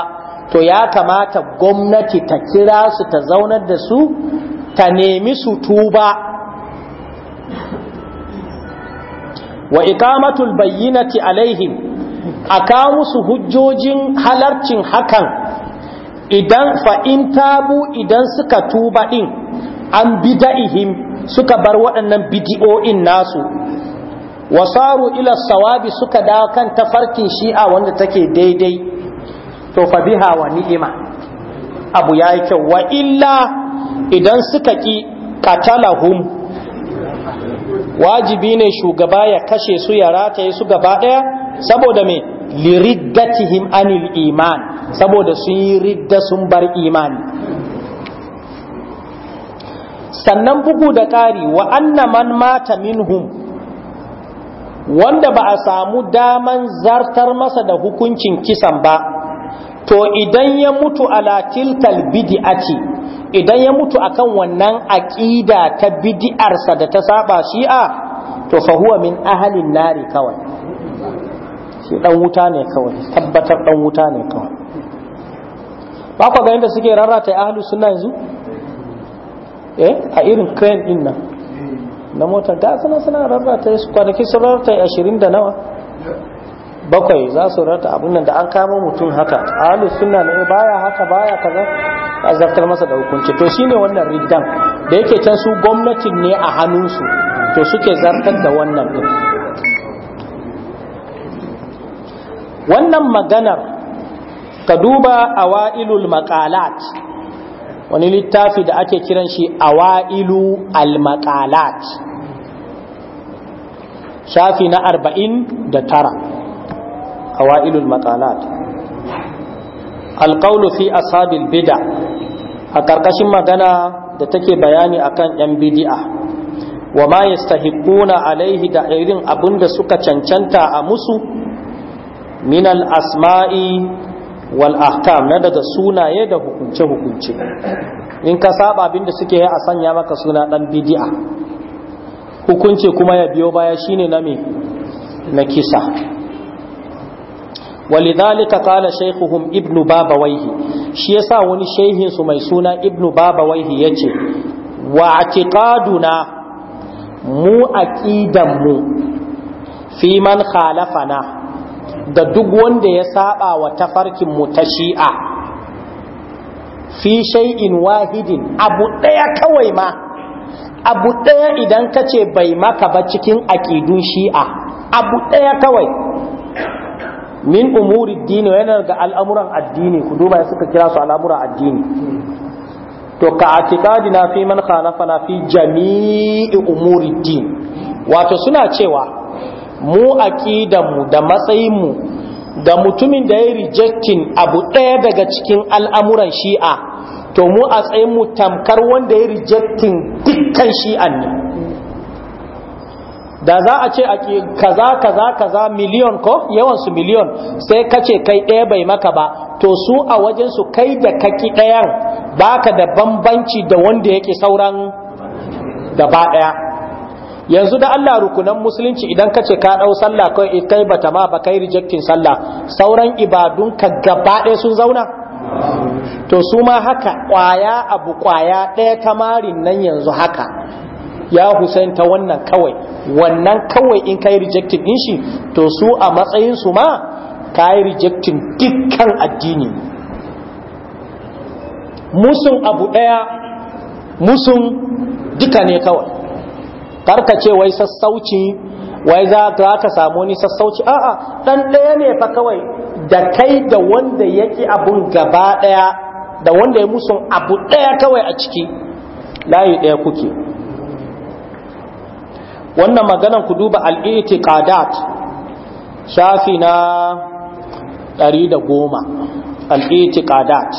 [SPEAKER 2] to ya kamata gwamnati ta kira su ta zaunar da su ta nemi su tuba wa ikamatul bayyinati alaihim a kawo musu hujjojin halarcin hakan idan fa'in tabu idan suka tuba ɗin an bida'ihim suka bar waɗannan bidi'o'in nasu wasaru ila sawabi suka dawo kan tafarkin shi'a wanda take daidai to fa biha wa ni'ima abu yayi kyau wa illa idan suka ki qatalahum wajibi ne shugaba ya kashe su ya rataye su gaba daya saboda me liriddatihim anil iman saboda sun yi ridda sun bar imani sannan bugu da ƙari wa anna man mata minhum wanda ba a samu daman zartar masa da hukuncin kisan ba to idan ya mutu ala tilkal bid'ati idan ya mutu akan wannan aƙida ta bid'arsa da ta saba shi'a to fa huwa min ahalin nari kawai shi dan wuta ne kawai tabbatar dan wuta ne kawai ba ku ga yadda suke rarrata ahlus sunna yanzu E a irin crane din nan na mota ga suna suna rarrata su kwanaki ta rarrata ashirin da nawa bakwai za su rarrata abin nan da an kama mutum haka ahalus suna ne baya haka baya kaza a zartar masa da hukunci to shine wannan riddan da yake can su gwamnatin ne a hannunsu to suke zartar da wannan din wannan maganar ka duba a awailul makalat wani littafi da ake kiran shi awailu al-maqalat shafi na arba'in da tara awailu al-maqalat alƙaunu fi ashabil bida a ƙarƙashin magana da take bayani akan yan bidi'a wa ma yastahiquna alaihi da irin abinda suka cancanta a musu minal asmai wal ahkam na daga sunaye da hukunce hukunce in ka saba abinda suke yi a sanya maka suna dan bid'a hukunci kuma ya biyo baya shine na me na kisa walidhalika qala shaykhuhum ibnu babawayhi shi yasa wani shehin su mai suna ibnu babawayhi yace wa atiqaduna mu aqidan mu fi man khalafana da duk wanda ya saba wa tafarkin mu ta shi'a fi shay'in wahidin abu ɗaya kawai ma abu ɗaya idan ka ce bai maka ba cikin aƙidun shi'a abu ɗaya kawai min umuri dini yana ga al'amuran addini ku duba suka kira su al'amuran addini to ka atikadi na fi man na fi jami'i umuri din wato suna cewa mu aqidanmu da matsayinmu da mutumin da ya rejectin abu ɗaya daga cikin al'amuran shi'a to mu a tsayinmu tamkar wanda ya rejectin dukkan shi'an ne da za a ce kaza kaza kaza miliyon ko su miliyon sai kace kai ɗaya bai maka ba to su a wajen su kai da kaki ɗayan baka da bambanci da wanda yake sauran gaba ɗaya yanzu da Allah rukunan musulunci idan ka ce ka ɗau sallah kai kai bata ma ba kai rejecting sallah sauran ibadun ka gaba ɗaya sun zauna to su ma haka kwaya abu kwaya ɗaya kamarin nan yanzu haka ya Hussein ta wannan kawai wannan kawai in kai rejecting din shi to su a matsayin su ma kai rejecting dukkan addini musun abu ɗaya musun duka ne kawai karka ce wai sassauci wai za ka samu ni sassauci a'a dan ɗaya ne fa kawai da kai da wanda yake abun gaba ɗaya da wanda ya musu abu ɗaya kawai a ciki layi ɗaya kuke wannan maganan ku duba al-i'tiqadat shafi na 110
[SPEAKER 1] al-i'tiqadat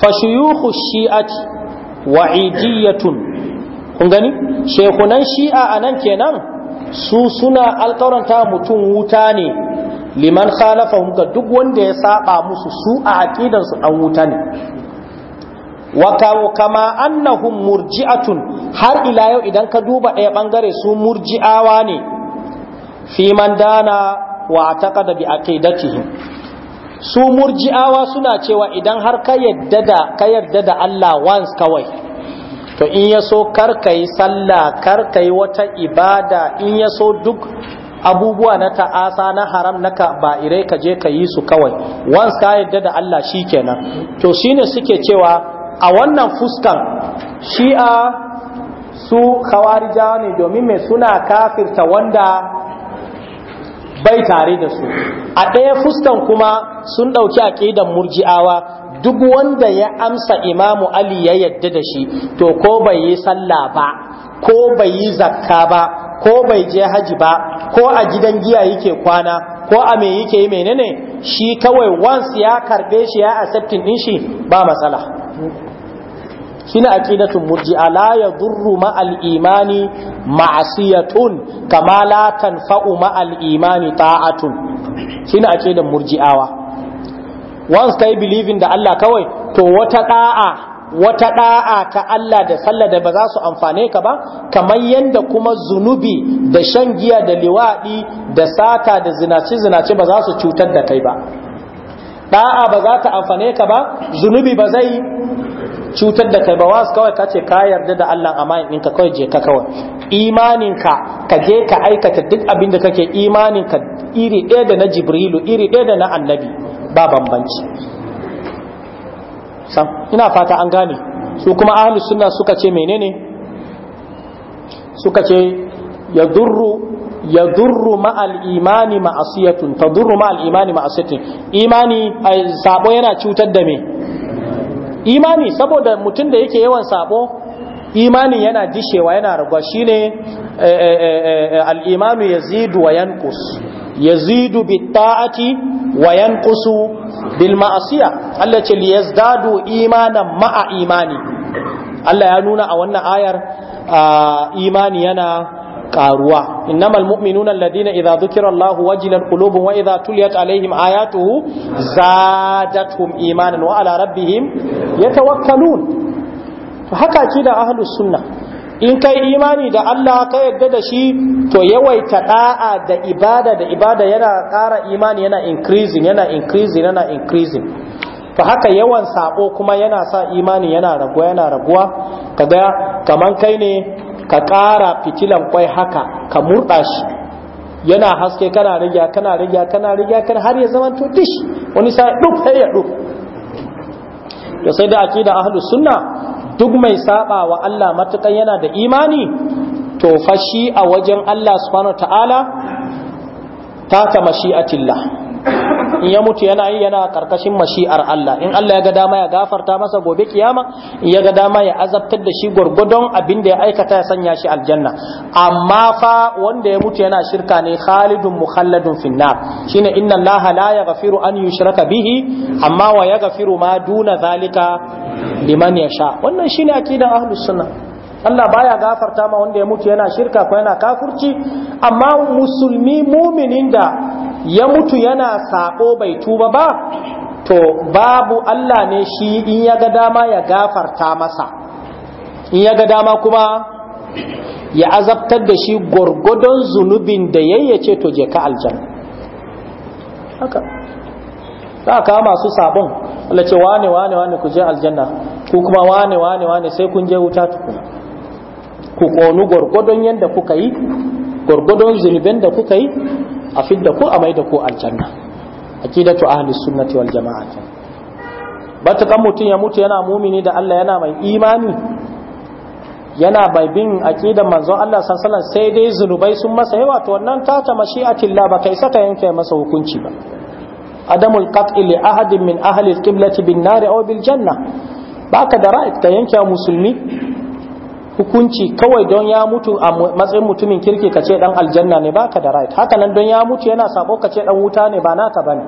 [SPEAKER 2] fa shuyukhu shi'ati wa'idiyatun kun gani shekunan shi'a a nan kenan su suna alkawaranta mutum wuta ne liman khalafahum ga duk wanda ya saba musu su a aqidan dan wuta ne wa kama annahum murji'atun har ila yau idan ka duba ɗaya bangare su murji'awa ne fi man dana wa taqada bi aqidatihim su murji'awa suna cewa idan har ka yadda da ka yadda da Allah once kawai to in ya so karkai sallah karkai wata ibada in ya so duk abubuwa na ta'asa na haram na ka ba irai ka je ka yi su kawai once ka yadda da Allah shi kenan to shine suke cewa a wannan fuskan shi'a su khawarija ne domin mai suna kafirta wanda bai tare da su a ɗaya fuskan kuma sun ɗauki aƙidan murji'awa duk wanda ya amsa imamu ali ya yadda da shi to ko bai yi sallah ba ko bai yi zakka ba ko bai je haji ba ko a gidan giya yake kwana ko a me yake yi menene shi kawai once ya karbe shi ya accepting din shi ba matsala shine aqidatul murji'a la yadurru ma al imani ma'siyatun kama la tanfa'u ma al imani ta'atun shine aqidatul murji'awa once kai believing da Allah kawai to wata da'a wata da'a ta Allah da sallah da ba za su amfane ka ba kamar yanda kuma zunubi da shan giya da liwadi da sata da zinace zinace ba za su cutar da kai ba da'a ba za ta amfane ka ba zunubi ba zai cutar da kai ba wasu kawai ka ce ka yarda da Allah amma ɗinka kawai je ka kawai imaninka ka je ka aikata duk abin da kake imaninka iri ɗaya da na jibrilu iri ɗaya da na annabi ba bambanci ina fata an gane su kuma ahlus sunna suka ce menene suka ce ya ya durru ma'al imani ma'asiyatun durru ma'al imani ma'asiyatun imani sabo yana cutar da me imani saboda mutum da yake yawan sabo imanin yana dishewa yana raguwa ne eh, eh, eh, al-imanu yazidu wa yanqus yazidu bit ta'ati wa Allah ce li imanan ma'a imani Allah ya nuna a wannan ayar ah, imani yana karuwa innamal mu'minuna alladhina idza dhukira Allahu wajilat qulubuhum wa idza tuliyat alaihim ayatuhu zadatuhum imanan wa ala rabbihim yatawakkalun haka akida ahlus sunnah in kai imani da Allah ka yadda da shi to yawaita da'a da ibada da ibada yana ƙara imani yana increasing yana increasing yana increasing to haka yawan sako kuma yana sa imani yana raguwa yana raguwa kaga kaman kai ne ka ƙara fitilan kwai haka ka murɗa shi yana haske kana rigya kana rigya kana rigya kana har ya zama tutish wani sai duk sai ya duk to sai da akida ahlus sunna duk mai saba wa Allah matukan yana da imani to fashi a wajen Allah subhanahu ta'ala ta kama tilla. in ya mutu yana yi yana karkashin mashi'ar Allah in Allah ya ga dama ya gafarta masa gobe kiyama in ya ga dama ya azabtar da shi gwargwadon abin da ya aikata ya sanya shi aljanna amma fa wanda ya mutu yana shirka ne khalidun mukhalladun finnar shine inna Allah la yaghfiru an yushraka bihi amma wa yaghfiru ma duna zalika liman yasha wannan shine akidan ahlus sunnah Allah baya gafarta ma wanda ya mutu yana shirka ko yana kafurci amma musulmi muminin da ya mutu yana sako bai tuba ba to babu Allah ne shi in ya ga dama ya gafarta masa in ya ga dama kuma ya azabtar da shi gwargwadon zunubin da yayyace to je ka aljanna haka za ka masu sabon Allah ce wane wane wane ku je aljanna ku kuma wane wane wane sai kun je wuta tukuna ku ƙonu gwargwadon yadda kuka yi gwargwadon zunuben da kuka yi a fidda ko a mai da ku aljanna aqidatu ahli sunnati wal jama'a kan mutum ya mutu yana mumini da Allah yana mai imani yana bai bin aqidan manzon Allah sallallahu alaihi sai dai zunubai sun masa yawa to wannan ta ta mashi'atillah ba kai saka yanke masa hukunci ba adamul qat'i li ahadin min ahli al-qiblati bin nar aw bil janna baka da ra'id ka yanke musulmi hukunci kawai don ya mutu a matsayin mutumin kirki kace dan aljanna ne baka da right haka nan don ya mutu yana sabo kace dan wuta ne ba naka bane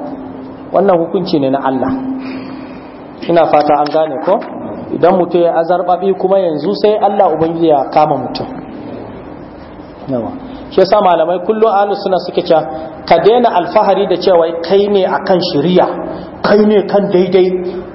[SPEAKER 2] wannan hukunci ne na Allah ina fata an gane ko idan mutu ya azarbabi kuma yanzu sai Allah ubangiji ya kama mutum yawa shi yasa malamai kullum ahlus sunna suke cewa ka daina alfahari da cewa kai ne akan shari'a kai ne kan daidai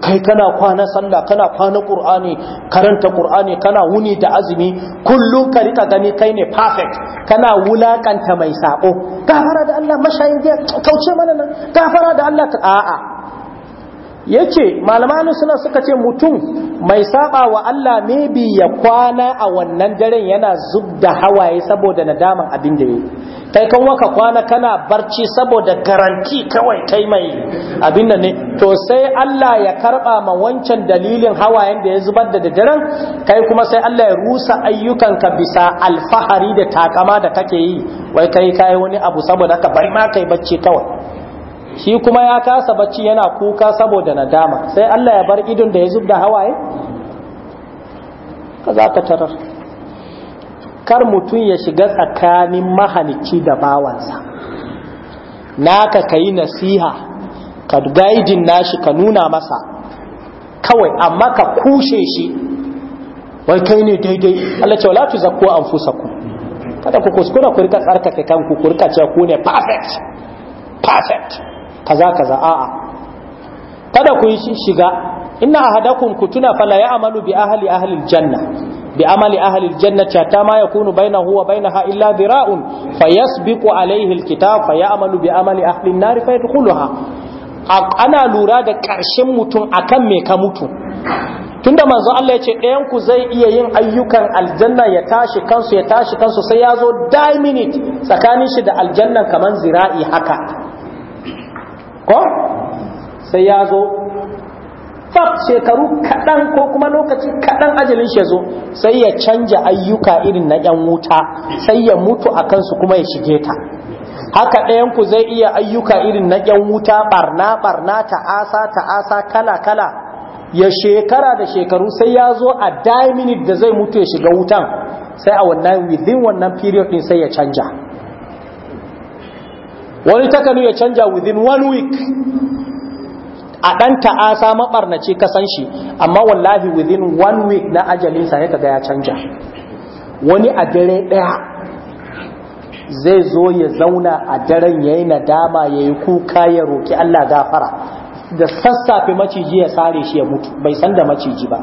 [SPEAKER 2] kai kana kwana sallah kana kwana qur'ani karanta qur'ani kana wuni da azumi kullum ka rika gani kai ne perfect kana wulakanta mai sako gafara da Allah mashayin kauce mana nan gafara da Allah a'a ya ce malamanu suna suka ce mutum mai saba wa Allah bi ya kwana a wannan daren yana zub da hawaye saboda nadaman abin da yi kai kan waka kwana kana barci saboda garanti kawai kai mai abin da ne to sai Allah ya karba ma wancan dalilin hawayen da ya zubar da daren kai kuma sai Allah ya rusa ayyukan ka bisa alfahari da takama da kake yi wai kai kai wani abu saboda ka bari ma kai bacci kawai shi kuma ya kasa bacci yana kuka saboda nadama sai Allah ya bar idon da ya zub da hawaye ka za ka tarar kar mutum ya shiga tsakanin mahanici da bawansa naka ka yi nasiha ka gaidin nashi ka nuna masa kawai amma ka kushe shi wai kai ne daidai Allah ce wala tu zakku anfusakum kada ku kuskura ku rika tsarkake kanku ku rika cewa ku ne perfect perfect kaza kaza a'a kada ku yi shiga inna ahadakum kutuna fala ya'malu bi ahli ahli aljanna bi amali ahli aljanna ta ma yakunu bainahu wa bainaha illa dhira'un fayasbiqu alayhi alkitab fayamalu bi amali ahli an-nar fayadkhuluha ana lura da ƙarshen mutum akan me ka mutu tunda manzo Allah ya ce ɗayan ku zai iya yin ayyukan aljanna ya tashi kansu ya tashi kansu sai ya zo die minute tsakanin shi da aljanna kaman zira'i haka ko sai ya zo fat shekaru kaɗan ko kuma lokaci kaɗan ajalin shi ya zo sai ya canja ayyuka irin na ƴan wuta sai ya mutu a kansu kuma ya shige ta haka ɗayanku zai iya ayyuka irin na ƴan wuta ɓarna-ɓarna ta'asa ta'asa kala kala ya shekara da shekaru sai ya zo a daminit da zai mutu ya shiga wutan sai a wannan within wannan period ɗin sai ya canja wani takanu ya canja within one week a ɗan ta'asa maɓarnace ka san shi amma wallahi within one week na ajalinsa ya kaga ya canja wani a dare ɗaya zai zo ya zauna a daren ya yi nadama ya yi kuka ya roki Allah gafara da sassafe maciji ya sare shi ya mutu bai san da maciji ba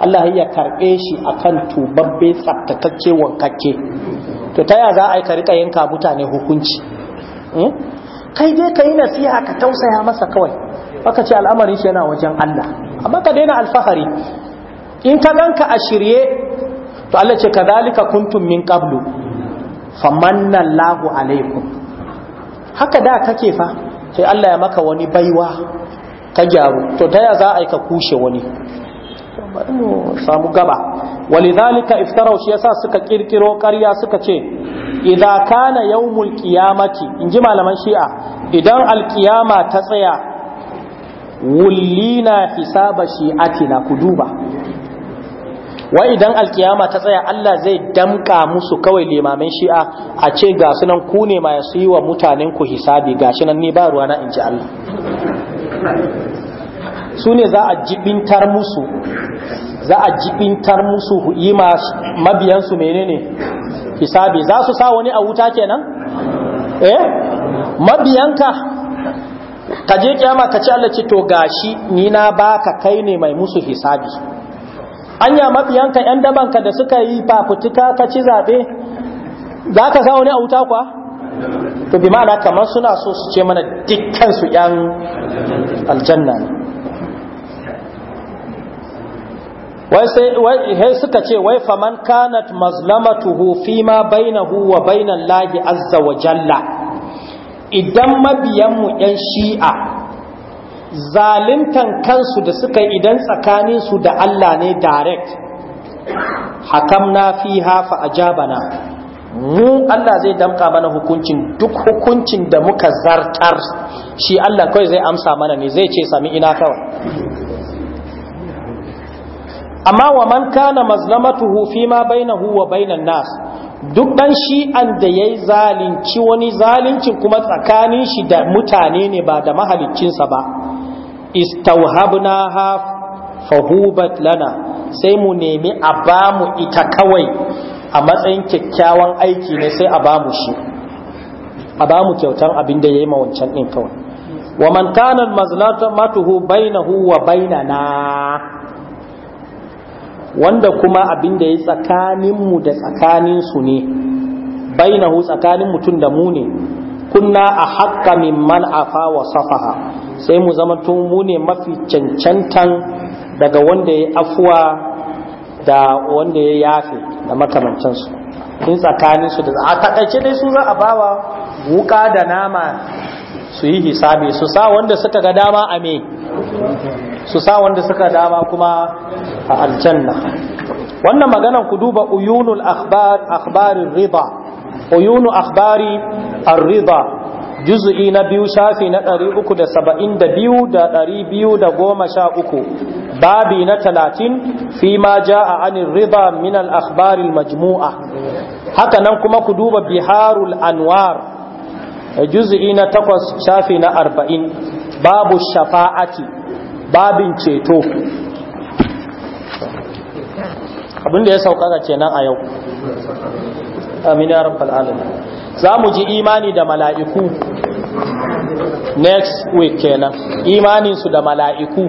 [SPEAKER 2] Allah ya karɓe shi a kan tubabbe tsaftatacce wankakke to ta ya za a yi ka yanka mutane hukunci Eh? kai dai ka yi nasiha ka tausaya masa kawai baka ce al'amarin shi yana wajen Allah amma ka daina alfahari in ka ganka a shirye to Allah ce kadhalika kuntum min qablu famanna Allahu alaikum haka da kake fa sai Allah ya maka wani baiwa ka gyaru to ta ya za a yi ka kushe wani samu gaba walidhalika iftarau shi yasa suka kirkiro ƙarya suka ce idza kana yawmul qiyamati inji malaman shi'a idan alqiyama ta tsaya wullina hisaba shi'atina ku duba wa idan alqiyama ta tsaya Allah zai damka musu kawai limamin shi'a a ce ga sunan ku ne ma su yi wa mutanen ku hisabi gashi nan ni ba ruwa na inji Allah su ne za a jibintar musu za a jibintar musu yi mabiyansu menene hisabi za su sa wani a wuta kenan eh mabiyanka ka je kyama ka ci Allah to gashi ni na baka kai ne mai musu hisabi anya mabiyanka yan dabanka da suka yi fafutuka ka ci zabe za ka sa wani a wuta kuwa? to bi ma'ana kamar suna so su ce mana dukkan su yan aljanna ne wai sai suka ce wai faman kanat mazlamatuhu fi ma bainahu wa bainan lahi azza wa jalla idan mu 'yan shi'a zalintan kansu da suka idan tsakaninsu da Allah ne direct hakamna fi hafa ajabana mu Allah zai damka mana hukuncin duk hukuncin da muka zartar shi Allah kawai zai amsa mana ne zai ce sami ina kawai amma wa man kana mazlamatuhu fi ma bainahu wa bainan nas duk dan shi an da yayi zalunci wani zalincin kuma tsakanin shi da mutane ne ba da mahaliccinsa ba ha fahubat lana sai mu nemi a bamu ita kawai a matsayin kyakkyawan aiki ne sai a bamu shi a kyautan abin da yayi ma wancan din kawai wa man kana mazlamatuhu bainahu wa bainana wanda kuma abin da ya tsakaninmu da tsakaninsu ne hu tsakanin mutum da mu ne kunna a haƙƙa mimman afa wa safaha sai mu zama tun mu ne mafi cancantan daga wanda ya afuwa da wanda ya yafe da makamantansu in tsakaninsu da a taƙaice dai su za a bawa wuka da nama su yi hisabi su sa wanda suka ga dama a me su sa wanda suka dama kuma a aljanna wannan maganan ku duba uyunul akhbar akhbarir rida uyunu akhbari ar juz'i na biyu shafi na 372 da 213 babi na 30 fi ma jaa anir rida min al-akhbar majmua haka nan kuma ku duba biharul anwar Eh, juz'i na takwas shafi na arba'in babu shafa'ati babin ceto abinda ya saukaka kenan a yau amin ya rabbal alamin za mu ji imani da mala'iku
[SPEAKER 1] next week kenan imaninsu
[SPEAKER 2] da mala'iku